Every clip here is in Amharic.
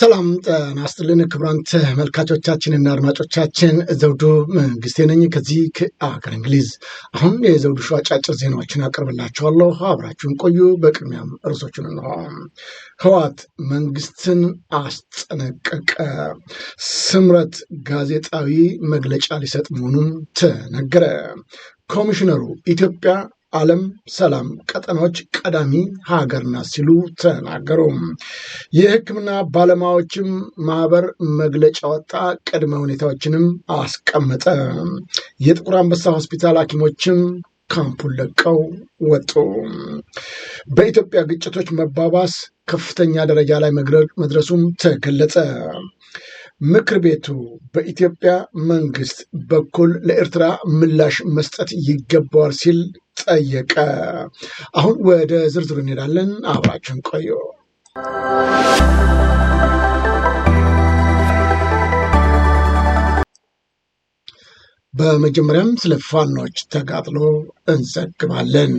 ሰላም ጤና ይስጥልን ክቡራን ተመልካቾቻችንና አድማጮቻችን ዘውዱ መንግስቴ ነኝ ከዚህ ከአገር እንግሊዝ። አሁን የዘውዱ ሾው አጫጭር ዜናዎችን አቀርብላችኋለሁ፣ አብራችሁን ቆዩ። በቅድሚያም እርሶችን እንሆ። ህወሓት መንግስትን አስጠነቀቀ። ስምረት ጋዜጣዊ መግለጫ ሊሰጥ መሆኑም ተነገረ። ኮሚሽነሩ ኢትዮጵያ ዓለም ሰላም ቀጠናዎች ቀዳሚ ሀገር ናት ሲሉ ተናገሩ። የሕክምና ባለሙያዎችም ማህበር መግለጫ ወጣ፣ ቅድመ ሁኔታዎችንም አስቀመጠ። የጥቁር አንበሳ ሆስፒታል ሐኪሞችም ካምፑን ለቀው ወጡ። በኢትዮጵያ ግጭቶች መባባስ ከፍተኛ ደረጃ ላይ መድረሱም ተገለጸ። ምክር ቤቱ በኢትዮጵያ መንግስት በኩል ለኤርትራ ምላሽ መስጠት ይገባዋል ሲል ጠየቀ። አሁን ወደ ዝርዝሩ እንሄዳለን። አብራችሁን ቆዩ። በመጀመሪያም ስለ ፋኖች ተጋጥሎ እንዘግባለን።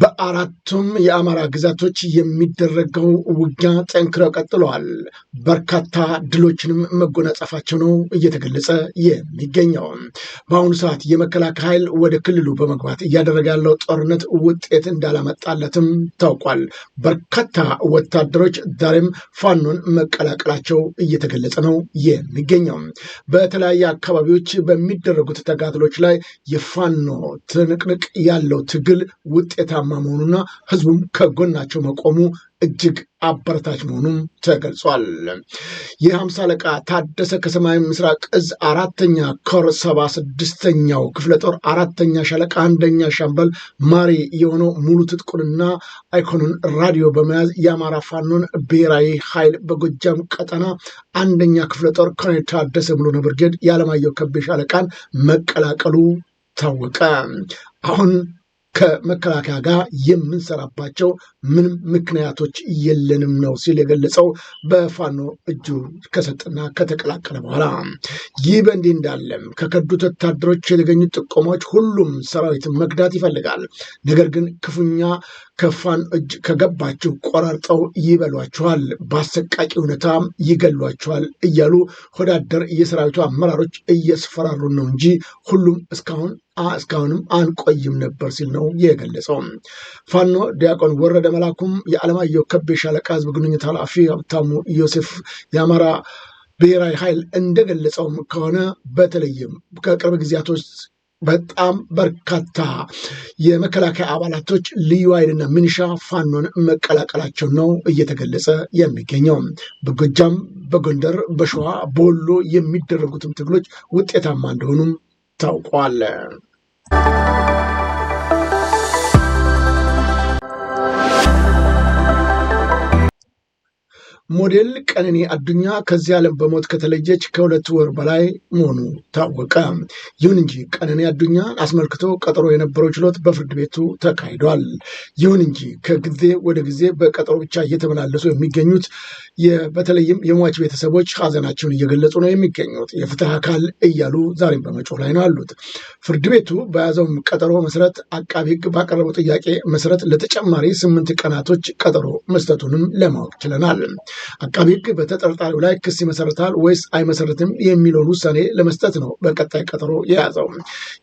በአራቱም የአማራ ግዛቶች የሚደረገው ውጊያ ጠንክረው ቀጥለዋል። በርካታ ድሎችንም መጎናጸፋቸው ነው እየተገለጸ የሚገኘው። በአሁኑ ሰዓት የመከላከያ ኃይል ወደ ክልሉ በመግባት እያደረገ ያለው ጦርነት ውጤት እንዳላመጣለትም ታውቋል። በርካታ ወታደሮች ዛሬም ፋኖን መቀላቀላቸው እየተገለጸ ነው የሚገኘው። በተለያየ አካባቢዎች በሚደረጉት ተጋድሎች ላይ የፋኖ ትንቅንቅ ያለው ትግል ውጤታማ መሆኑና ህዝቡም ከጎናቸው መቆሙ እጅግ አበረታች መሆኑም ተገልጿል። የሃምሳ አለቃ ታደሰ ከሰማያዊ ምስራቅ እዝ አራተኛ ኮር ሰባ ስድስተኛው ክፍለ ጦር አራተኛ ሻለቃ አንደኛ ሻምበል ማሪ የሆነው ሙሉ ትጥቁንና አይኮኑን ራዲዮ በመያዝ የአማራ ፋኖን ብሔራዊ ኃይል በጎጃም ቀጠና አንደኛ ክፍለ ጦር ኮሎኔል ታደሰ ብሎ ብርጌድ የዓለማየሁ ከቤ ሻለቃን መቀላቀሉ ታወቀ። አሁን ከመከላከያ ጋር የምንሰራባቸው ምንም ምክንያቶች የለንም ነው ሲል የገለጸው በፋኖ እጁ ከሰጠና ከተቀላቀለ በኋላ። ይህ በእንዲህ እንዳለም ከከዱት ወታደሮች የተገኙት ጥቆማዎች ሁሉም ሰራዊት መግዳት ይፈልጋል። ነገር ግን ክፉኛ ከፋኖ እጅ ከገባችሁ ቆራርጠው ይበሏችኋል፣ በአሰቃቂ ሁኔታ ይገሏችኋል እያሉ ወዳደር የሰራዊቱ አመራሮች እየስፈራሩ ነው እንጂ ሁሉም እስካሁን እስካሁንም አልቆይም ነበር ሲል ነው የገለጸው። ፋኖ ዲያቆን ወረደ መላኩም የዓለማየሁ ከቤ ሻለቃ ህዝብ ግንኙነት ኃላፊ ሀብታሙ ዮሴፍ የአማራ ብሔራዊ ኃይል እንደገለጸውም ከሆነ በተለይም ከቅርብ ጊዜያቶች በጣም በርካታ የመከላከያ አባላቶች ልዩ ኃይልና ሚኒሻ ፋኖን መቀላቀላቸው ነው እየተገለጸ የሚገኘው። በጎጃም፣ በጎንደር፣ በሸዋ፣ በወሎ የሚደረጉትም ትግሎች ውጤታማ እንደሆኑም 就光了。ሞዴል ቀነኔ አዱኛ ከዚህ ዓለም በሞት ከተለየች ከሁለት ወር በላይ መሆኑ ታወቀ። ይሁን እንጂ ቀነኒ አዱኛ አስመልክቶ ቀጠሮ የነበረው ችሎት በፍርድ ቤቱ ተካሂዷል። ይሁን እንጂ ከጊዜ ወደ ጊዜ በቀጠሮ ብቻ እየተመላለሱ የሚገኙት በተለይም የሟች ቤተሰቦች ሀዘናቸውን እየገለጹ ነው የሚገኙት። የፍትህ አካል እያሉ ዛሬም በመጮህ ላይ ነው ያሉት። ፍርድ ቤቱ በያዘውም ቀጠሮ መሰረት አቃቢ ህግ ባቀረበው ጥያቄ መሰረት ለተጨማሪ ስምንት ቀናቶች ቀጠሮ መስጠቱንም ለማወቅ ችለናል። አቃቢ ህግ በተጠርጣሪው ላይ ክስ ይመሰረታል ወይስ አይመሰረትም የሚለውን ውሳኔ ለመስጠት ነው በቀጣይ ቀጠሮ የያዘው።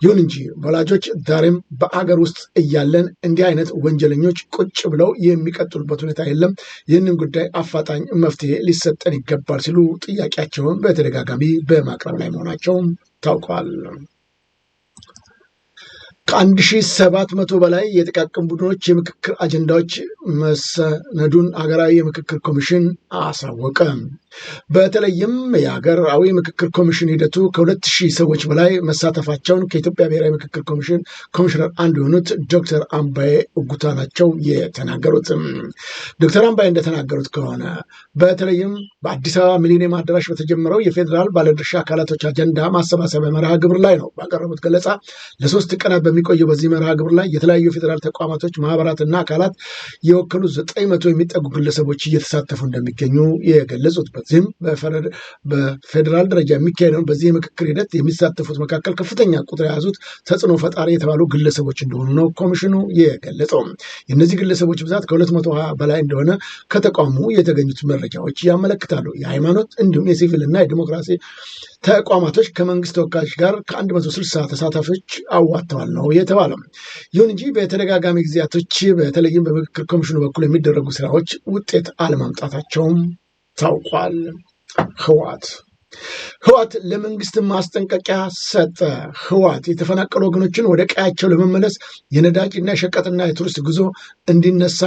ይሁን እንጂ ወላጆች ዛሬም በአገር ውስጥ እያለን እንዲህ አይነት ወንጀለኞች ቁጭ ብለው የሚቀጥሉበት ሁኔታ የለም፣ ይህንን ጉዳይ አፋጣኝ መፍትሄ ሊሰጠን ይገባል ሲሉ ጥያቄያቸውን በተደጋጋሚ በማቅረብ ላይ መሆናቸው ታውቋል። ከአንድ ሺ ሰባት መቶ በላይ የጥቃቅን ቡድኖች የምክክር አጀንዳዎች መሰነዱን ሀገራዊ የምክክር ኮሚሽን አሳወቀ። በተለይም የሀገራዊ ምክክር ኮሚሽን ሂደቱ ከሁለት ሺህ ሰዎች በላይ መሳተፋቸውን ከኢትዮጵያ ብሔራዊ ምክክር ኮሚሽን ኮሚሽነር አንዱ የሆኑት ዶክተር አምባዬ እጉታ ናቸው የተናገሩት። ዶክተር አምባዬ እንደተናገሩት ከሆነ በተለይም በአዲስ አበባ ሚሊኒየም አዳራሽ በተጀመረው የፌዴራል ባለድርሻ አካላቶች አጀንዳ ማሰባሰቢያ መርሃ ግብር ላይ ነው ባቀረቡት ገለጻ ለሶስት ቀናት በሚቆየው በዚህ መርሃ ግብር ላይ የተለያዩ የፌዴራል ተቋማቶች ማህበራትና አካላት የወከሉ ዘጠኝ መቶ የሚጠጉ ግለሰቦች እየተሳተፉ እንደሚገኙ የገለጹት በዚህም በፌዴራል ደረጃ የሚካሄደውን በዚህ የምክክር ሂደት የሚሳተፉት መካከል ከፍተኛ ቁጥር የያዙት ተጽዕኖ ፈጣሪ የተባሉ ግለሰቦች እንደሆኑ ነው ኮሚሽኑ የገለጸው። የእነዚህ ግለሰቦች ብዛት ከ220 በላይ እንደሆነ ከተቋሙ የተገኙት መረጃዎች ያመለክታሉ። የሃይማኖት እንዲሁም የሲቪልና የዲሞክራሲ ተቋማቶች ከመንግስት ተወካዮች ጋር ከ160 ተሳታፊዎች አዋጥተዋል ነው የተባለው። ይሁን እንጂ በተደጋጋሚ ጊዜያቶች በተለይም በምክክር ኮሚሽኑ በኩል የሚደረጉ ስራዎች ውጤት አለማምጣታቸውም ታውቋል። ህዋት ህዋት ለመንግስት ማስጠንቀቂያ ሰጠ። ህዋት የተፈናቀሉ ወገኖችን ወደ ቀያቸው ለመመለስ የነዳጅና የሸቀጥና የቱሪስት ጉዞ እንዲነሳ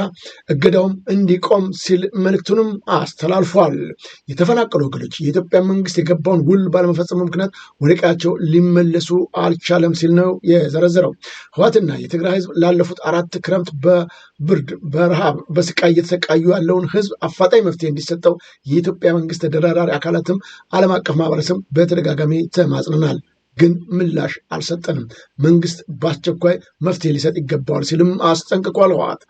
እገዳውም እንዲቆም ሲል መልእክቱንም አስተላልፏል። የተፈናቀሉ ወገኖች የኢትዮጵያ መንግስት የገባውን ውል ባለመፈጸሙ ምክንያት ወደ ቀያቸው ሊመለሱ አልቻለም ሲል ነው የዘረዘረው። ህዋትና የትግራይ ህዝብ ላለፉት አራት ክረምት በ ብርድ፣ በረሃብ፣ በስቃይ እየተሰቃዩ ያለውን ህዝብ አፋጣኝ መፍትሄ እንዲሰጠው የኢትዮጵያ መንግስት ተደራዳሪ አካላትም ዓለም አቀፍ ማህበረሰብ በተደጋጋሚ ተማጽነናል። ግን ምላሽ አልሰጠንም። መንግስት በአስቸኳይ መፍትሄ ሊሰጥ ይገባዋል ሲልም አስጠንቅቋል። ህወሓት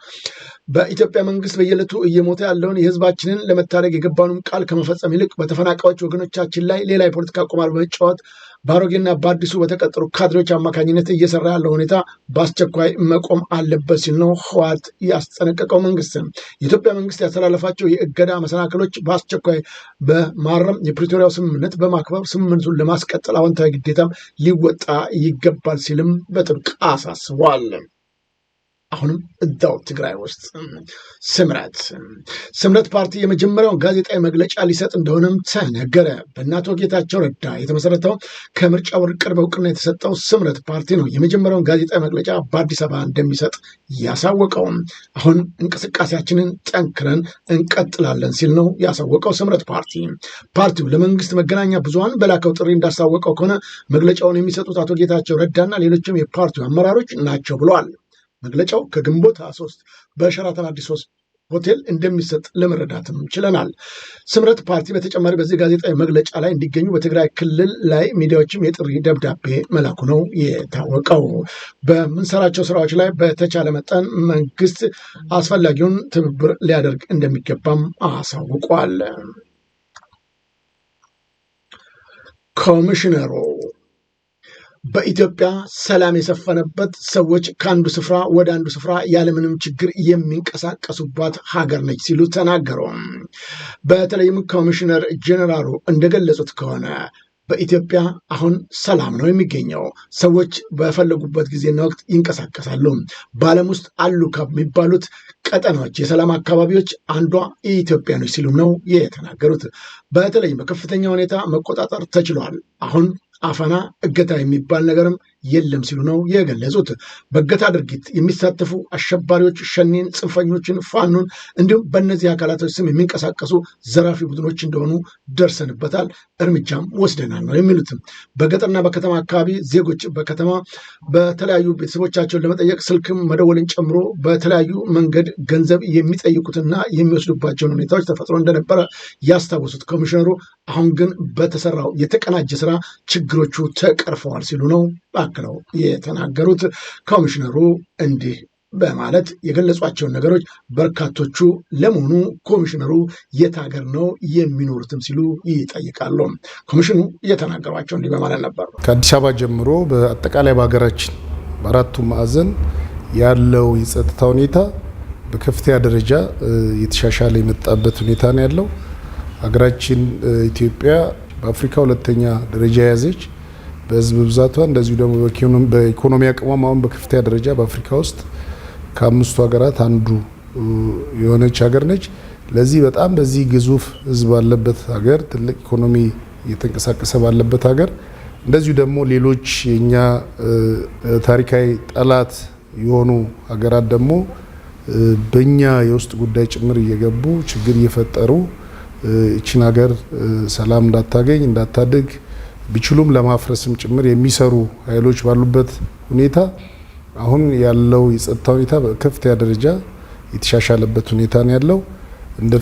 በኢትዮጵያ መንግስት በየዕለቱ እየሞተ ያለውን የህዝባችንን ለመታደግ የገባውን ቃል ከመፈጸም ይልቅ በተፈናቃዮች ወገኖቻችን ላይ ሌላ የፖለቲካ ቁማር በመጫወት በአሮጌና በአዲሱ በተቀጠሩ ካድሬዎች አማካኝነት እየሰራ ያለው ሁኔታ በአስቸኳይ መቆም አለበት ሲል ነው ህወሓት ያስጠነቀቀው። መንግስት የኢትዮጵያ መንግስት ያስተላለፋቸው የእገዳ መሰናክሎች በአስቸኳይ በማረም የፕሪቶሪያው ስምምነት በማክበር ስምምነቱን ለማስቀጠል አዎንታዊ ግዴታም ሊወጣ ይገባል ሲልም በጥብቅ አሳስቧል። አሁንም እዛው ትግራይ ውስጥ ስምረት ስምረት ፓርቲ የመጀመሪያውን ጋዜጣዊ መግለጫ ሊሰጥ እንደሆነም ተነገረ። በእናቶ ጌታቸው ረዳ የተመሰረተው ከምርጫ ቦርድ ቅርብ እውቅና የተሰጠው ስምረት ፓርቲ ነው የመጀመሪያውን ጋዜጣዊ መግለጫ በአዲስ አበባ እንደሚሰጥ ያሳወቀው። አሁን እንቅስቃሴያችንን ጠንክረን እንቀጥላለን ሲል ነው ያሳወቀው ስምረት ፓርቲ። ፓርቲው ለመንግስት መገናኛ ብዙሀን በላከው ጥሪ እንዳሳወቀው ከሆነ መግለጫውን የሚሰጡት አቶ ጌታቸው ረዳና ሌሎችም የፓርቲው አመራሮች ናቸው ብለዋል። መግለጫው ከግንቦት 23 በሸራተን አዲስ ሆቴል እንደሚሰጥ ለመረዳትም ችለናል። ስምረት ፓርቲ በተጨማሪ በዚህ ጋዜጣዊ መግለጫ ላይ እንዲገኙ በትግራይ ክልል ላይ ሚዲያዎችም የጥሪ ደብዳቤ መላኩ ነው የታወቀው። በምንሰራቸው ስራዎች ላይ በተቻለ መጠን መንግስት አስፈላጊውን ትብብር ሊያደርግ እንደሚገባም አሳውቋል። ኮሚሽነሩ በኢትዮጵያ ሰላም የሰፈነበት ሰዎች ከአንዱ ስፍራ ወደ አንዱ ስፍራ ያለምንም ችግር የሚንቀሳቀሱባት ሀገር ነች ሲሉ ተናገሩ። በተለይም ኮሚሽነር ጄኔራሉ እንደገለጹት ከሆነ በኢትዮጵያ አሁን ሰላም ነው የሚገኘው። ሰዎች በፈለጉበት ጊዜና ወቅት ይንቀሳቀሳሉ። በዓለም ውስጥ አሉ ከሚባሉት ቀጠናዎች፣ የሰላም አካባቢዎች አንዷ የኢትዮጵያ ነች ሲሉም ነው የተናገሩት። በተለይም በከፍተኛ ሁኔታ መቆጣጠር ተችሏል። አሁን አፈና፣ እገታ የሚባል ነገርም የለም ሲሉ ነው የገለጹት። በእገታ ድርጊት የሚሳተፉ አሸባሪዎች ሸኔን፣ ጽንፈኞችን፣ ፋኖን እንዲሁም በእነዚህ አካላቶች ስም የሚንቀሳቀሱ ዘራፊ ቡድኖች እንደሆኑ ደርሰንበታል፣ እርምጃም ወስደናል ነው የሚሉትም። በገጠርና በከተማ አካባቢ ዜጎች በከተማ በተለያዩ ቤተሰቦቻቸውን ለመጠየቅ ስልክም መደወልን ጨምሮ በተለያዩ መንገድ ገንዘብ የሚጠይቁትና የሚወስዱባቸውን ሁኔታዎች ተፈጥሮ እንደነበረ ያስታወሱት ኮሚሽነሩ አሁን ግን በተሰራው የተቀናጀ ስራ ችግሮቹ ተቀርፈዋል ሲሉ ነው አክለው የተናገሩት ኮሚሽነሩ እንዲህ በማለት የገለጿቸውን ነገሮች በርካቶቹ ለመሆኑ ኮሚሽነሩ የት ሀገር ነው የሚኖሩትም ሲሉ ይጠይቃሉ። ኮሚሽኑ እየተናገሯቸው እንዲህ በማለት ነበር። ከአዲስ አበባ ጀምሮ በአጠቃላይ በሀገራችን በአራቱ ማዕዘን ያለው የጸጥታ ሁኔታ በከፍተኛ ደረጃ የተሻሻለ የመጣበት ሁኔታ ነው ያለው። ሀገራችን ኢትዮጵያ በአፍሪካ ሁለተኛ ደረጃ የያዘች በህዝብ ብዛቷ እንደዚሁ ደግሞ በኢኮኖሚ አቅሟም አሁን በከፍተኛ ደረጃ በአፍሪካ ውስጥ ከአምስቱ ሀገራት አንዱ የሆነች ሀገር ነች። ለዚህ በጣም በዚህ ግዙፍ ህዝብ ባለበት ሀገር ትልቅ ኢኮኖሚ እየተንቀሳቀሰ ባለበት ሀገር እንደዚሁ ደግሞ ሌሎች የእኛ ታሪካዊ ጠላት የሆኑ ሀገራት ደግሞ በእኛ የውስጥ ጉዳይ ጭምር እየገቡ ችግር እየፈጠሩ ይችን ሀገር ሰላም እንዳታገኝ እንዳታድግ ቢችሉም ለማፍረስም ጭምር የሚሰሩ ኃይሎች ባሉበት ሁኔታ አሁን ያለው የጸጥታ ሁኔታ በከፍተኛ ደረጃ የተሻሻለበት ሁኔታ ነው ያለው እንደ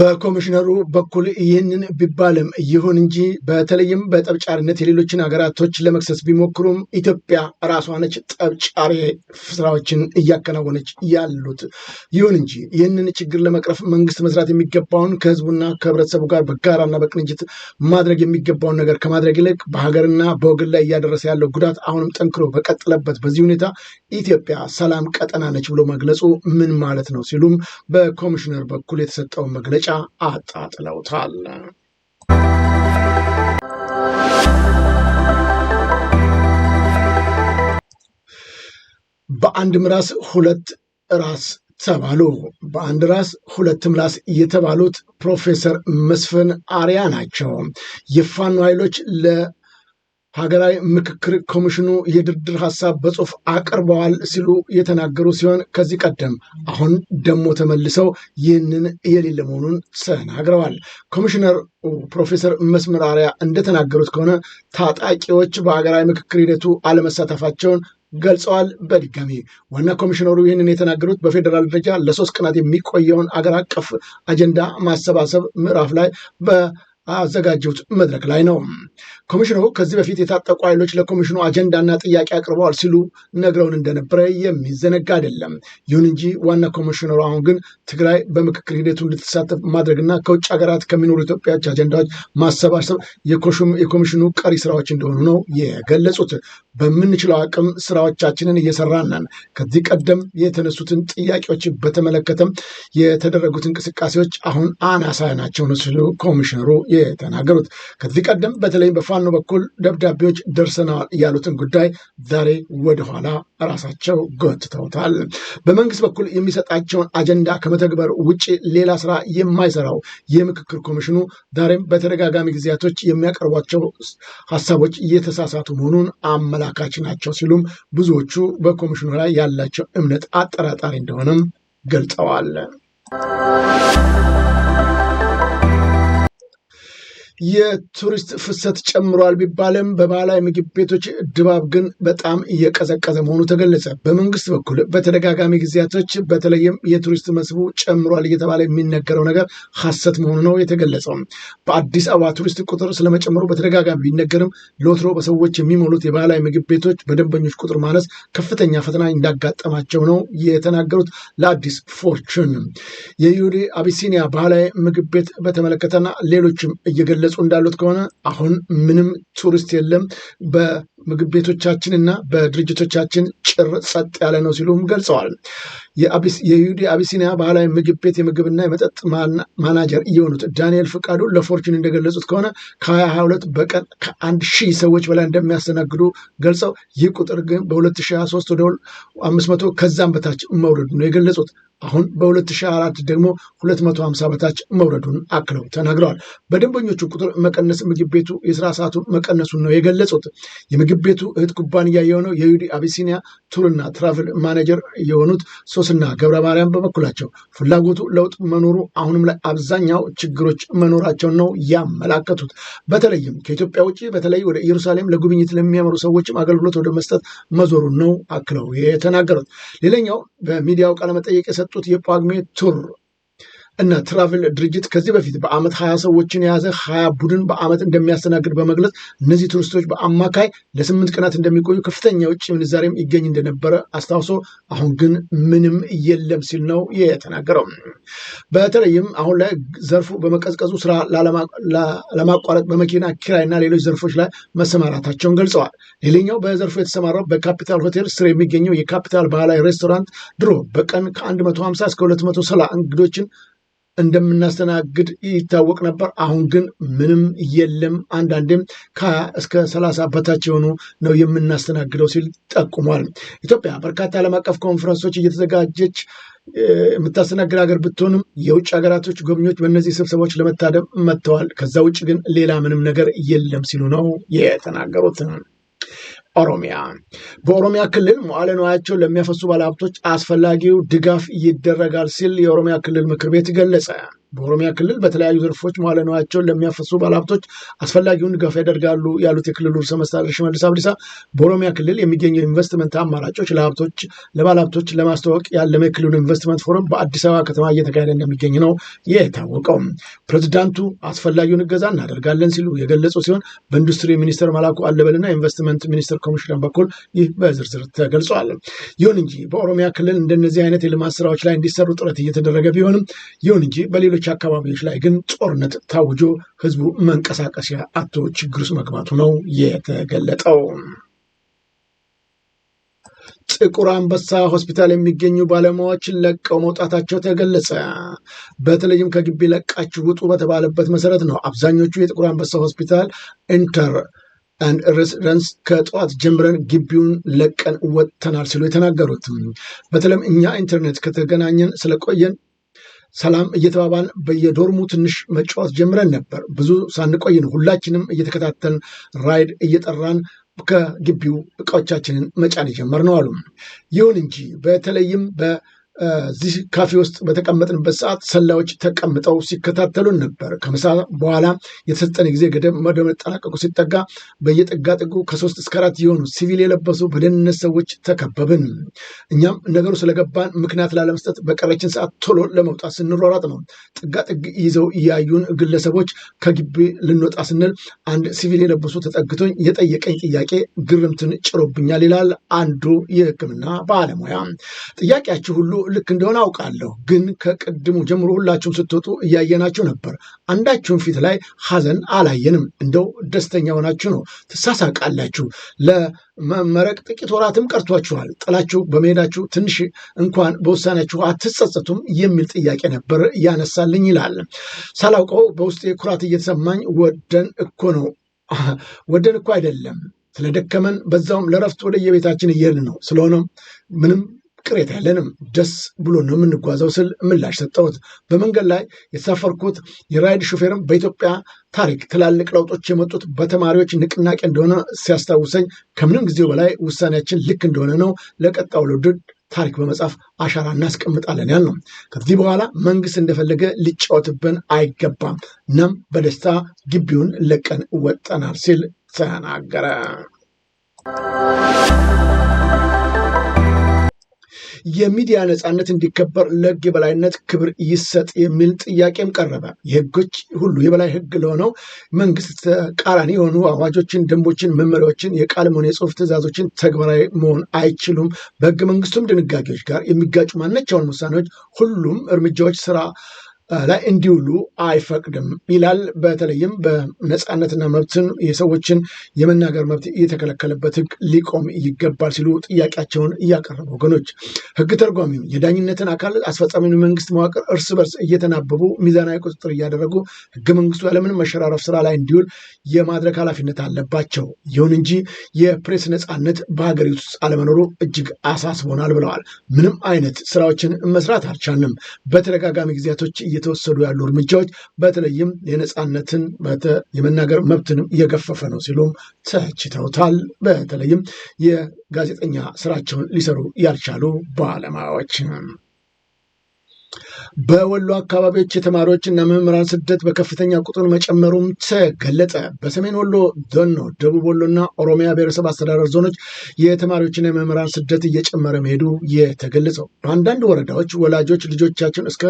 በኮሚሽነሩ በኩል ይህንን ቢባልም ይሁን እንጂ በተለይም በጠብጫሪነት የሌሎችን ሀገራቶች ለመክሰስ ቢሞክሩም ኢትዮጵያ ራሷ ነች ጠብጫሪ ስራዎችን እያከናወነች ያሉት። ይሁን እንጂ ይህንን ችግር ለመቅረፍ መንግስት መስራት የሚገባውን ከህዝቡና ከህብረተሰቡ ጋር በጋራና በቅንጅት ማድረግ የሚገባውን ነገር ከማድረግ ይልቅ በሀገርና በወገን ላይ እያደረሰ ያለው ጉዳት አሁንም ጠንክሮ በቀጥለበት በዚህ ሁኔታ ኢትዮጵያ ሰላም ቀጠና ነች ብሎ መግለጹ ምን ማለት ነው? ሲሉም በኮሚሽነር በኩል የተሰጠውን መግለጫ አጣጥለውታል። በአንድም ራስ ሁለት ራስ ተባሉ። በአንድ ራስ ሁለትም ራስ የተባሉት ፕሮፌሰር መስፍን አሪያ ናቸው። የፋኖ ኃይሎች ለ ሀገራዊ ምክክር ኮሚሽኑ የድርድር ሀሳብ በጽሁፍ አቅርበዋል ሲሉ የተናገሩ ሲሆን ከዚህ ቀደም አሁን ደግሞ ተመልሰው ይህንን የሌለ መሆኑን ተናግረዋል። ኮሚሽነር ፕሮፌሰር መስመር አርያ እንደተናገሩት ከሆነ ታጣቂዎች በሀገራዊ ምክክር ሂደቱ አለመሳተፋቸውን ገልጸዋል። በድጋሚ ዋና ኮሚሽነሩ ይህንን የተናገሩት በፌዴራል ደረጃ ለሶስት ቀናት የሚቆየውን አገር አቀፍ አጀንዳ ማሰባሰብ ምዕራፍ ላይ በ አዘጋጁት መድረክ ላይ ነው። ኮሚሽኑ ከዚህ በፊት የታጠቁ ኃይሎች ለኮሚሽኑ አጀንዳና ጥያቄ አቅርበዋል ሲሉ ነግረውን እንደነበረ የሚዘነጋ አይደለም። ይሁን እንጂ ዋና ኮሚሽነሩ አሁን ግን ትግራይ በምክክር ሂደቱ እንድትሳተፍ ማድረግና ከውጭ ሀገራት ከሚኖሩ ኢትዮጵያዎች አጀንዳዎች ማሰባሰብ የኮሚሽኑ ቀሪ ስራዎች እንደሆኑ ነው የገለጹት። በምንችለው አቅም ስራዎቻችንን እየሰራናን ከዚህ ቀደም የተነሱትን ጥያቄዎች በተመለከተም የተደረጉት እንቅስቃሴዎች አሁን አናሳ ናቸው ነው ሲሉ ኮሚሽነሩ የተናገሩት። ከዚህ ቀደም በተለይም በፋ በፋኖ በኩል ደብዳቤዎች ደርሰናል ያሉትን ጉዳይ ዛሬ ወደኋላ ራሳቸው ጎትተውታል። በመንግስት በኩል የሚሰጣቸውን አጀንዳ ከመተግበር ውጭ ሌላ ስራ የማይሰራው የምክክር ኮሚሽኑ ዛሬም በተደጋጋሚ ጊዜያቶች የሚያቀርቧቸው ሀሳቦች እየተሳሳቱ መሆኑን አመላካች ናቸው ሲሉም ብዙዎቹ በኮሚሽኑ ላይ ያላቸው እምነት አጠራጣሪ እንደሆነም ገልጸዋል። የቱሪስት ፍሰት ጨምሯል ቢባልም በባህላዊ ምግብ ቤቶች ድባብ ግን በጣም እየቀዘቀዘ መሆኑ ተገለጸ። በመንግስት በኩል በተደጋጋሚ ጊዜያቶች በተለይም የቱሪስት መስህቡ ጨምሯል እየተባለ የሚነገረው ነገር ሐሰት መሆኑ ነው የተገለጸው። በአዲስ አበባ ቱሪስት ቁጥር ስለመጨመሩ በተደጋጋሚ ቢነገርም ለወትሮ በሰዎች የሚሞሉት የባህላዊ ምግብ ቤቶች በደንበኞች ቁጥር ማነስ ከፍተኛ ፈተና እንዳጋጠማቸው ነው የተናገሩት። ለአዲስ ፎርቹን የዩዲ አቢሲኒያ ባህላዊ ምግብ ቤት በተመለከተና ሌሎችም እየገለጹ እየገለጹ እንዳሉት ከሆነ አሁን ምንም ቱሪስት የለም። ምግብ ቤቶቻችንና በድርጅቶቻችን ጭር ጸጥ ያለ ነው ሲሉም ገልጸዋል። የዩዲ አቢሲኒያ ባህላዊ ምግብ ቤት የምግብና የመጠጥ ማናጀር የሆኑት ዳንኤል ፍቃዱ ለፎርቹን እንደገለጹት ከሆነ ከ2022 በቀን ከአንድ ሺህ ሰዎች በላይ እንደሚያስተናግዱ ገልጸው ይህ ቁጥር ግን በ2023 ወደ 500 ከዛም በታች መውረዱ ነው የገለጹት። አሁን በ2024 ደግሞ 250 በታች መውረዱን አክለው ተናግረዋል። በደንበኞቹ ቁጥር መቀነስ ምግብ ቤቱ የስራ ሰዓቱን መቀነሱን ነው የገለጹት። የምግብ ቤቱ እህት ኩባንያ የሆነው የዩዲ አቢሲኒያ ቱርና ትራቨል ማኔጀር የሆኑት ሶስና ገብረ ማርያም በበኩላቸው ፍላጎቱ ለውጥ መኖሩ አሁንም ላይ አብዛኛው ችግሮች መኖራቸውን ነው ያመላከቱት። በተለይም ከኢትዮጵያ ውጭ በተለይ ወደ ኢየሩሳሌም ለጉብኝት ለሚያመሩ ሰዎችም አገልግሎት ወደ መስጠት መዞሩን ነው አክለው የተናገሩት። ሌላኛው በሚዲያው ቃለመጠየቅ የሰጡት የጳጉሜ ቱር እና ትራቭል ድርጅት ከዚህ በፊት በአመት ሀያ ሰዎችን የያዘ ሀያ ቡድን በአመት እንደሚያስተናግድ በመግለጽ እነዚህ ቱሪስቶች በአማካይ ለስምንት ቀናት እንደሚቆዩ ከፍተኛ የውጭ ምንዛሬም ይገኝ እንደነበረ አስታውሶ አሁን ግን ምንም የለም ሲል ነው የተናገረው። በተለይም አሁን ላይ ዘርፉ በመቀዝቀዙ ስራ ለማቋረጥ በመኪና ኪራይና ሌሎች ዘርፎች ላይ መሰማራታቸውን ገልጸዋል። ሌላኛው በዘርፉ የተሰማራው በካፒታል ሆቴል ስር የሚገኘው የካፒታል ባህላዊ ሬስቶራንት ድሮ በቀን ከ150 እስከ ሰላ እንግዶችን እንደምናስተናግድ ይታወቅ ነበር። አሁን ግን ምንም የለም። አንዳንዴም ከሀያ እስከ ሰላሳ በታች የሆኑ ነው የምናስተናግደው ሲል ጠቁሟል። ኢትዮጵያ በርካታ ዓለም አቀፍ ኮንፈረንሶች እየተዘጋጀች የምታስተናግድ ሀገር ብትሆንም የውጭ ሀገራቶች ጎብኚዎች በእነዚህ ስብሰባዎች ለመታደም መጥተዋል። ከዛ ውጭ ግን ሌላ ምንም ነገር የለም ሲሉ ነው የተናገሩት። ኦሮሚያ በኦሮሚያ ክልል መዋለ ንዋያቸውን ለሚያፈሱ ባለሀብቶች አስፈላጊው ድጋፍ ይደረጋል ሲል የኦሮሚያ ክልል ምክር ቤት ገለጸ። በኦሮሚያ ክልል በተለያዩ ዘርፎች መዋለ ንዋያቸውን ለሚያፈሱ ባለሀብቶች አስፈላጊውን ድጋፍ ያደርጋሉ ያሉት የክልሉ ርዕሰ መስተዳድር ሽመልስ አብዲሳ በኦሮሚያ ክልል የሚገኙ ኢንቨስትመንት አማራጮች ለሀብቶች ለባለሀብቶች ለማስተዋወቅ ያለመ የክልሉን ኢንቨስትመንት ፎረም በአዲስ አበባ ከተማ እየተካሄደ እንደሚገኝ ነው የታወቀው። ፕሬዚዳንቱ አስፈላጊውን እገዛ እናደርጋለን ሲሉ የገለጹ ሲሆን በኢንዱስትሪ ሚኒስትር መላኩ አለበልና ኢንቨስትመንት ሚኒስትር ኮሚሽነር በኩል ይህ በዝርዝር ተገልጿል። ይሁን እንጂ በኦሮሚያ ክልል እንደነዚህ አይነት የልማት ስራዎች ላይ እንዲሰሩ ጥረት እየተደረገ ቢሆንም ይሁን እንጂ በሌሎች ሌሎች አካባቢዎች ላይ ግን ጦርነት ታውጆ ህዝቡ መንቀሳቀሲያ አቶ ችግር ውስጥ መግባቱ ነው የተገለጠው። ጥቁር አንበሳ ሆስፒታል የሚገኙ ባለሙያዎች ለቀው መውጣታቸው ተገለጸ። በተለይም ከግቢ ለቃችሁ ውጡ በተባለበት መሰረት ነው አብዛኞቹ የጥቁር አንበሳ ሆስፒታል ኢንተር አንድ ሬዚደንስ ከጠዋት ጀምረን ግቢውን ለቀን ወጥተናል ሲሉ የተናገሩት። በተለይም እኛ ኢንተርኔት ከተገናኘን ስለቆየን ሰላም እየተባባል በየዶርሙ ትንሽ መጫወት ጀምረን ነበር። ብዙ ሳንቆይን ሁላችንም እየተከታተልን ራይድ እየጠራን ከግቢው እቃዎቻችንን መጫን የጀመርነው አሉ። ይሁን እንጂ በተለይም በ እዚህ ካፌ ውስጥ በተቀመጥንበት ሰዓት ሰላዮች ተቀምጠው ሲከታተሉን ነበር። ከምሳ በኋላ የተሰጠን ጊዜ ገደብ ወደ መጠናቀቁ ሲጠጋ በየጥጋ ጥጉ ከሶስት እስከ አራት የሆኑ ሲቪል የለበሱ በደህንነት ሰዎች ተከበብን። እኛም ነገሩ ስለገባን ምክንያት ላለመስጠት በቀረችን ሰዓት ቶሎ ለመውጣት ስንሯሯጥ ነው ጥጋ ጥግ ይዘው እያዩን ግለሰቦች። ከግቢ ልንወጣ ስንል አንድ ሲቪል የለበሱ ተጠግቶኝ የጠየቀኝ ጥያቄ ግርምትን ጭሮብኛል ይላል አንዱ የህክምና ባለሙያ። ጥያቄያችሁ ሁሉ ልክ እንደሆነ አውቃለሁ። ግን ከቅድሙ ጀምሮ ሁላችሁም ስትወጡ እያየናችሁ ነበር። አንዳችሁም ፊት ላይ ሐዘን አላየንም። እንደው ደስተኛ ሆናችሁ ነው ትሳሳቃላችሁ። ለመመረቅ ጥቂት ወራትም ቀርቷችኋል። ጥላችሁ በመሄዳችሁ ትንሽ እንኳን በውሳኔያችሁ አትጸጸቱም የሚል ጥያቄ ነበር ያነሳልኝ ይላል። ሳላውቀው በውስጤ ኩራት እየተሰማኝ ወደን እኮ ነው ወደን እኮ አይደለም ስለደከመን በዛውም ለረፍት ወደ የቤታችን እየሄድን ነው። ስለሆነም ምንም ቅሬታ ያለንም ደስ ብሎ ነው የምንጓዘው ስል ምላሽ ሰጠሁት። በመንገድ ላይ የተሳፈርኩት የራይድ ሹፌርም በኢትዮጵያ ታሪክ ትላልቅ ለውጦች የመጡት በተማሪዎች ንቅናቄ እንደሆነ ሲያስታውሰኝ ከምንም ጊዜ በላይ ውሳኔያችን ልክ እንደሆነ ነው ለቀጣው ልውድድ ታሪክ በመጻፍ አሻራ እናስቀምጣለን ያል ነው። ከዚህ በኋላ መንግስት እንደፈለገ ሊጫወትብን አይገባም። እናም በደስታ ግቢውን ለቀን ወጠናል ሲል ተናገረ። የሚዲያ ነፃነት እንዲከበር ለህግ የበላይነት ክብር ይሰጥ የሚል ጥያቄም ቀረበ። የህጎች ሁሉ የበላይ ህግ ለሆነው መንግስት ተቃራኒ የሆኑ አዋጆችን፣ ደንቦችን፣ መመሪያዎችን፣ የቃል መሆን የጽሁፍ ትእዛዞችን ተግባራዊ መሆን አይችሉም። በህገ መንግስቱም ድንጋጌዎች ጋር የሚጋጩ ማናቸውን ውሳኔዎች፣ ሁሉም እርምጃዎች ስራ ላይ እንዲውሉ አይፈቅድም ይላል። በተለይም በነፃነትና መብትን የሰዎችን የመናገር መብት የተከለከለበት ህግ ሊቆም ይገባል ሲሉ ጥያቄያቸውን እያቀረቡ ወገኖች ህግ ተርጓሚው የዳኝነትን አካል አስፈጻሚውን መንግስት መዋቅር እርስ በርስ እየተናበቡ ሚዛናዊ ቁጥጥር እያደረጉ ህገ መንግስቱ ያለምን መሸራረፍ ስራ ላይ እንዲውል የማድረግ ኃላፊነት አለባቸው። ይሁን እንጂ የፕሬስ ነፃነት በሀገሪቱ ውስጥ አለመኖሩ እጅግ አሳስቦናል ብለዋል። ምንም አይነት ስራዎችን መስራት አልቻልንም። በተደጋጋሚ ጊዜያቶች እየተወሰዱ ያሉ እርምጃዎች በተለይም የነፃነትን የመናገር መብትንም እየገፈፈ ነው ሲሉም ተችተውታል። በተለይም የጋዜጠኛ ስራቸውን ሊሰሩ ያልቻሉ ባለሙያዎች በወሎ አካባቢዎች የተማሪዎችና መምህራን ስደት በከፍተኛ ቁጥር መጨመሩም ተገለጸ። በሰሜን ወሎ ዞን ነው ደቡብ ወሎና ኦሮሚያ ብሔረሰብ አስተዳደር ዞኖች የተማሪዎችና የመምህራን ስደት እየጨመረ መሄዱ የተገለጸው። በአንዳንድ ወረዳዎች ወላጆች ልጆቻቸውን እስከ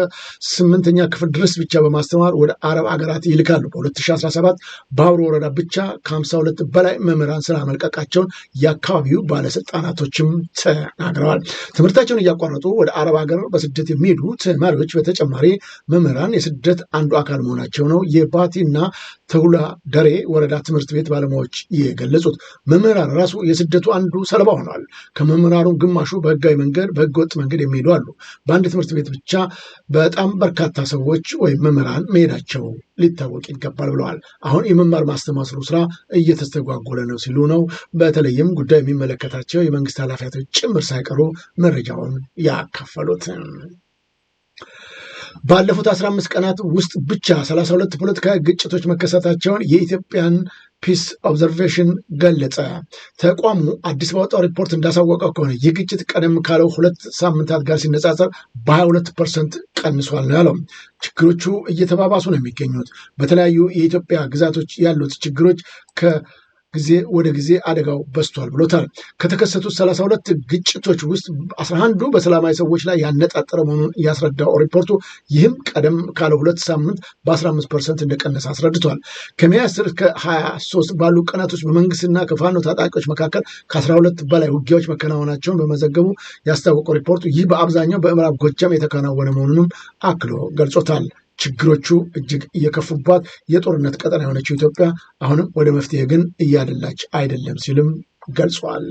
ስምንተኛ ክፍል ድረስ ብቻ በማስተማር ወደ አረብ አገራት ይልካሉ። በ2017 በአብሮ ወረዳ ብቻ ከ52 በላይ መምህራን ስራ መልቀቃቸውን የአካባቢው ባለስልጣናቶችም ተናግረዋል። ትምህርታቸውን እያቋረጡ ወደ አረብ ሀገር በስደት የሚሄዱት ተማሪዎች በተጨማሪ መምህራን የስደት አንዱ አካል መሆናቸው ነው የባቲና ተውላ ደሬ ወረዳ ትምህርት ቤት ባለሙያዎች የገለጹት። መምህራን ራሱ የስደቱ አንዱ ሰለባ ሆኗል። ከመምህራኑ ግማሹ በህጋዊ መንገድ፣ በህገወጥ መንገድ የሚሄዱ አሉ። በአንድ ትምህርት ቤት ብቻ በጣም በርካታ ሰዎች ወይም መምህራን መሄዳቸው ሊታወቅ ይገባል ብለዋል። አሁን የመማር ማስተማስሩ ስራ እየተስተጓጎለ ነው ሲሉ ነው በተለይም ጉዳይ የሚመለከታቸው የመንግስት ኃላፊያቶች ጭምር ሳይቀሩ መረጃውን ያካፈሉት። ባለፉት 15 ቀናት ውስጥ ብቻ 32 ፖለቲካዊ ግጭቶች መከሰታቸውን የኢትዮጵያን ፒስ ኦብዘርቬሽን ገለጸ። ተቋሙ አዲስ ባወጣው ሪፖርት እንዳሳወቀው ከሆነ ይህ ግጭት ቀደም ካለው ሁለት ሳምንታት ጋር ሲነጻጸር በ22 ፐርሰንት ቀንሷል ነው ያለው። ችግሮቹ እየተባባሱ ነው የሚገኙት። በተለያዩ የኢትዮጵያ ግዛቶች ያሉት ችግሮች ከ ጊዜ ወደ ጊዜ አደጋው በስቷል ብሎታል። ከተከሰቱት 32 ግጭቶች ውስጥ 11 በሰላማዊ ሰዎች ላይ ያነጣጠረ መሆኑን ያስረዳው ሪፖርቱ ይህም ቀደም ካለ ሁለት ሳምንት በ15 ፐርሰንት እንደቀነሰ አስረድቷል። ከሚያ 10 እስከ 23 ባሉ ቀናቶች በመንግስትና ከፋኖ ታጣቂዎች መካከል ከ12 በላይ ውጊያዎች መከናወናቸውን በመዘገቡ ያስታወቀው ሪፖርቱ ይህ በአብዛኛው በምዕራብ ጎጃም የተከናወነ መሆኑንም አክሎ ገልጾታል። ችግሮቹ እጅግ እየከፉባት የጦርነት ቀጠና የሆነችው ኢትዮጵያ አሁንም ወደ መፍትሄ ግን እያደላች አይደለም ሲልም ገልጿል።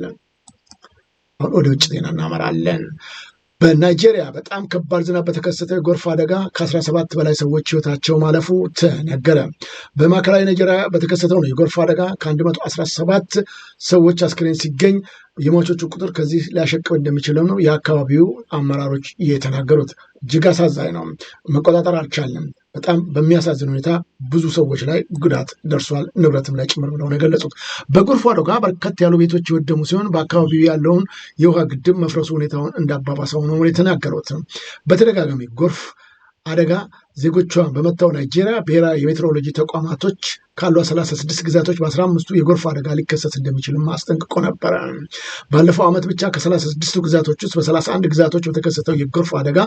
አሁን ወደ ውጭ ዜና እናመራለን። በናይጄሪያ በጣም ከባድ ዝናብ በተከሰተ የጎርፍ አደጋ ከ17 በላይ ሰዎች ህይወታቸው ማለፉ ተነገረ። በማዕከላዊ ናይጄሪያ በተከሰተው ነው የጎርፍ አደጋ ከ117 ሰዎች አስክሬን ሲገኝ የሟቾቹ ቁጥር ከዚህ ሊያሸቅብ እንደሚችለው ነው የአካባቢው አመራሮች የተናገሩት። እጅግ አሳዛኝ ነው። መቆጣጠር አልቻለም። በጣም በሚያሳዝን ሁኔታ ብዙ ሰዎች ላይ ጉዳት ደርሷል። ንብረትም ላይ ጭምር ብለው ነው የገለጹት። በጎርፍ አደጋ በርከት ያሉ ቤቶች የወደሙ ሲሆን በአካባቢው ያለውን የውሃ ግድብ መፍረሱ ሁኔታውን እንዳባባሰው ነው የተናገሩት። በተደጋጋሚ ጎርፍ አደጋ ዜጎቿን በመታው ናይጄሪያ ብሔራዊ የሜትሮሎጂ ተቋማቶች ካሏት 36 ግዛቶች በ15ቱ የጎርፍ አደጋ ሊከሰት እንደሚችልም አስጠንቅቆ ነበረ። ባለፈው ዓመት ብቻ ከ36ቱ ግዛቶች ውስጥ በ31 ግዛቶች በተከሰተው የጎርፍ አደጋ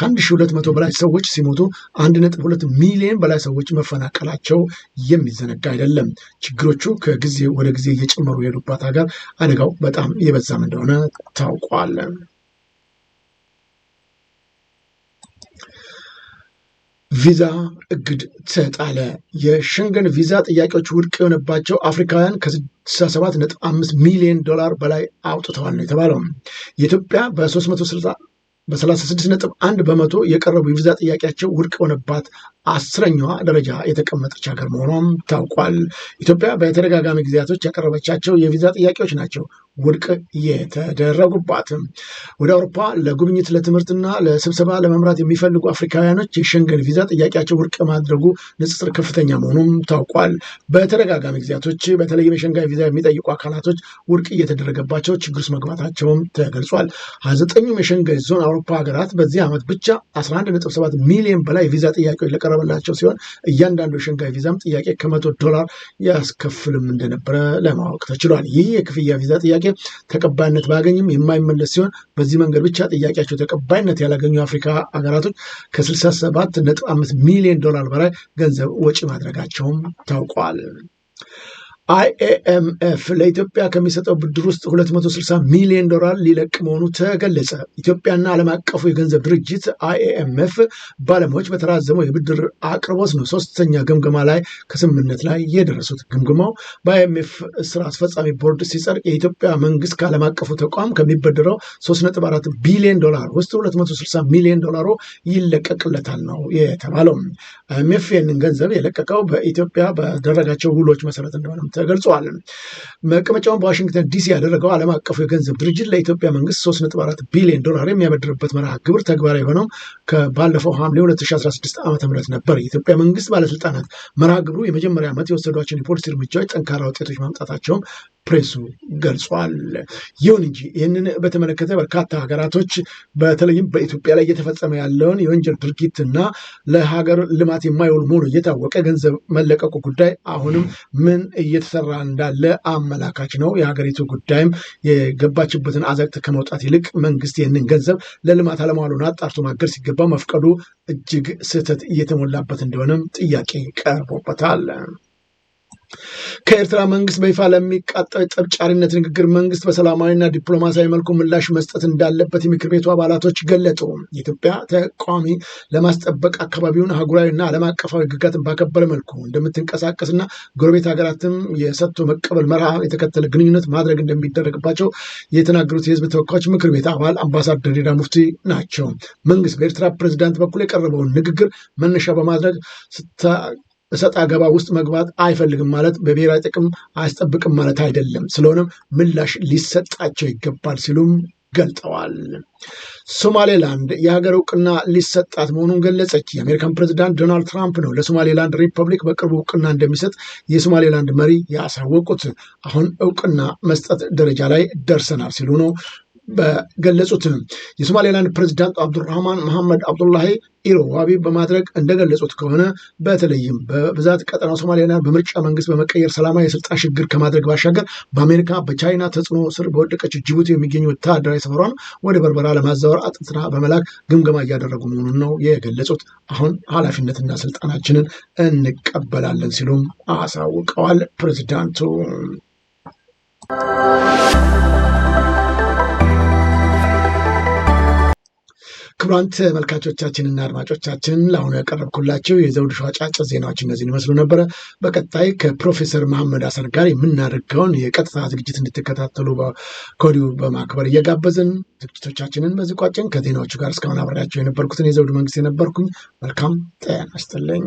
ከ1200 በላይ ሰዎች ሲሞቱ 1.2 ሚሊዮን በላይ ሰዎች መፈናቀላቸው የሚዘነጋ አይደለም። ችግሮቹ ከጊዜ ወደ ጊዜ እየጨመሩ የሄዱባት ሀገር አደጋው በጣም የበዛም እንደሆነ ታውቋል። ቪዛ እግድ ተጣለ። የሽንገን ቪዛ ጥያቄዎች ውድቅ የሆነባቸው አፍሪካውያን ከ67 5 ሚሊዮን ዶላር በላይ አውጥተዋል ነው የተባለው። የኢትዮጵያ በ36 ነጥብ 1 በመቶ የቀረቡ የቪዛ ጥያቄያቸው ውድቅ የሆነባት አስረኛዋ ደረጃ የተቀመጠች ሀገር መሆኗም ታውቋል። ኢትዮጵያ በተደጋጋሚ ጊዜያቶች ያቀረበቻቸው የቪዛ ጥያቄዎች ናቸው ውድቅ የተደረጉባትም ወደ አውሮፓ ለጉብኝት ለትምህርትና ለስብሰባ ለመምራት የሚፈልጉ አፍሪካውያኖች የሸንገን ቪዛ ጥያቄያቸው ውድቅ ማድረጉ ንጽጽር ከፍተኛ መሆኑም ታውቋል። በተደጋጋሚ ጊዜያቶች በተለይ የሸንጋይ ቪዛ የሚጠይቁ አካላቶች ውድቅ እየተደረገባቸው ችግር ውስጥ መግባታቸውም ተገልጿል። ሀያ ዘጠኙም የሸንገን ዞን አውሮፓ ሀገራት በዚህ ዓመት ብቻ 11.7 ሚሊዮን በላይ ቪዛ ጥያቄዎች ለቀረበላቸው ሲሆን እያንዳንዱ የሸንጋይ ቪዛም ጥያቄ ከመቶ ዶላር ያስከፍልም እንደነበረ ለማወቅ ተችሏል። ይህ የክፍያ ቪዛ ጥያቄ ጥያቄ ተቀባይነት ባያገኝም የማይመለስ ሲሆን በዚህ መንገድ ብቻ ጥያቄያቸው ተቀባይነት ያላገኙ የአፍሪካ ሀገራቶች ከ67 ነጥብ 5 ሚሊዮን ዶላር በላይ ገንዘብ ወጪ ማድረጋቸውም ታውቋል። አይኤምኤፍ ለኢትዮጵያ ከሚሰጠው ብድር ውስጥ 260 ሚሊዮን ዶላር ሊለቅ መሆኑ ተገለጸ። ኢትዮጵያና ዓለም አቀፉ የገንዘብ ድርጅት አይኤምኤፍ ባለሙያዎች በተራዘመው የብድር አቅርቦት ነው ሶስተኛ ግምገማ ላይ ከስምምነት ላይ የደረሱት። ግምገማው በአይኤምኤፍ ስራ አስፈጻሚ ቦርድ ሲጸድቅ የኢትዮጵያ መንግስት ከዓለም አቀፉ ተቋም ከሚበድረው 34 ቢሊዮን ዶላር ውስጥ 260 ሚሊዮን ዶላሩ ይለቀቅለታል ነው የተባለው። አይኤምኤፍ ይህንን ገንዘብ የለቀቀው በኢትዮጵያ በደረጋቸው ውሎች መሰረት እንደሆነ ተገልጿል። መቀመጫውን በዋሽንግተን ዲሲ ያደረገው ዓለም አቀፉ የገንዘብ ድርጅት ለኢትዮጵያ መንግስት 3.4 ቢሊዮን ዶላር የሚያበድርበት መርሃ ግብር ተግባራዊ የሆነው ከባለፈው ሐምሌ 2016 ዓ ም ነበር። የኢትዮጵያ መንግስት ባለስልጣናት መርሃ ግብሩ የመጀመሪያ ዓመት የወሰዷቸውን የፖሊሲ እርምጃዎች ጠንካራ ውጤቶች ማምጣታቸውም ፕሬሱ ገልጿል። ይሁን እንጂ ይህንን በተመለከተ በርካታ ሀገራቶች በተለይም በኢትዮጵያ ላይ እየተፈጸመ ያለውን የወንጀል እና ለሀገር ልማት የማይውል መሆኑ እየታወቀ ገንዘብ መለቀቁ ጉዳይ አሁንም ምን እየተሰራ እንዳለ አመላካች ነው። የሀገሪቱ ጉዳይም የገባችበትን አዘቅት ከመውጣት ይልቅ መንግስት ይህንን ገንዘብ ለልማት አለማዋሉን አጣርቶ ማገር ሲገባ መፍቀዱ እጅግ ስህተት እየተሞላበት እንደሆነም ጥያቄ ቀርቦበታል። ከኤርትራ መንግስት በይፋ ለሚቃጣው የጠብ ንግግር መንግስት በሰላማዊና ዲፕሎማሲያዊ መልኩ ምላሽ መስጠት እንዳለበት የምክር ቤቱ አባላቶች ገለጡ። የኢትዮጵያ ተቋሚ ለማስጠበቅ አካባቢውን አህጉራዊና ዓለም አቀፋዊ ህግጋትን ባከበረ መልኩ እንደምትንቀሳቀስና ጎረቤት ሀገራትም የሰጥቶ መቀበል መርሃ የተከተለ ግንኙነት ማድረግ እንደሚደረግባቸው የተናገሩት የህዝብ ተወካዮች ምክር ቤት አባል አምባሳደር ዲና ሙፍቲ ናቸው። መንግስት በኤርትራ ፕሬዚዳንት በኩል የቀረበውን ንግግር መነሻ በማድረግ እሰጥ አገባ ውስጥ መግባት አይፈልግም ማለት በብሔራዊ ጥቅም አያስጠብቅም ማለት አይደለም። ስለሆነም ምላሽ ሊሰጣቸው ይገባል ሲሉም ገልጠዋል። ሶማሌላንድ የሀገር እውቅና ሊሰጣት መሆኑን ገለጸች። የአሜሪካን ፕሬዚዳንት ዶናልድ ትራምፕ ነው ለሶማሌላንድ ሪፐብሊክ በቅርቡ እውቅና እንደሚሰጥ የሶማሌላንድ መሪ ያሳወቁት። አሁን እውቅና መስጠት ደረጃ ላይ ደርሰናል ሲሉ ነው በገለጹት የሶማሌላንድ ፕሬዚዳንት አብዱራህማን መሐመድ አብዱላሂ ኢሮዋቢ በማድረግ እንደገለጹት ከሆነ በተለይም በብዛት ቀጠናው ሶማሌላንድ በምርጫ መንግስት በመቀየር ሰላማዊ የስልጣን ሽግግር ከማድረግ ባሻገር በአሜሪካ በቻይና ተጽዕኖ ስር በወደቀች ጅቡቲ የሚገኙ ወታደራዊ ሰፈሯን ወደ በርበራ ለማዛወር አጥንትና በመላክ ግምገማ እያደረጉ መሆኑን ነው የገለጹት። አሁን ኃላፊነትና ስልጣናችንን እንቀበላለን ሲሉም አሳውቀዋል ፕሬዚዳንቱ። ክቡራን ተመልካቾቻችንና አድማጮቻችን ለአሁኑ ያቀረብኩላቸው የዘውዱ ሾው አጫጭር ዜናዎች እነዚህን ይመስሉ ነበረ። በቀጣይ ከፕሮፌሰር መሐመድ ሀሰን ጋር የምናደርገውን የቀጥታ ዝግጅት እንድትከታተሉ ከወዲሁ በማክበር እየጋበዝን ዝግጅቶቻችንን በዚህ ቋጭን። ከዜናዎቹ ጋር እስካሁን አብሬያቸው የነበርኩትን የዘውዱ መንግስት የነበርኩኝ። መልካም ጤና ይስጥልኝ።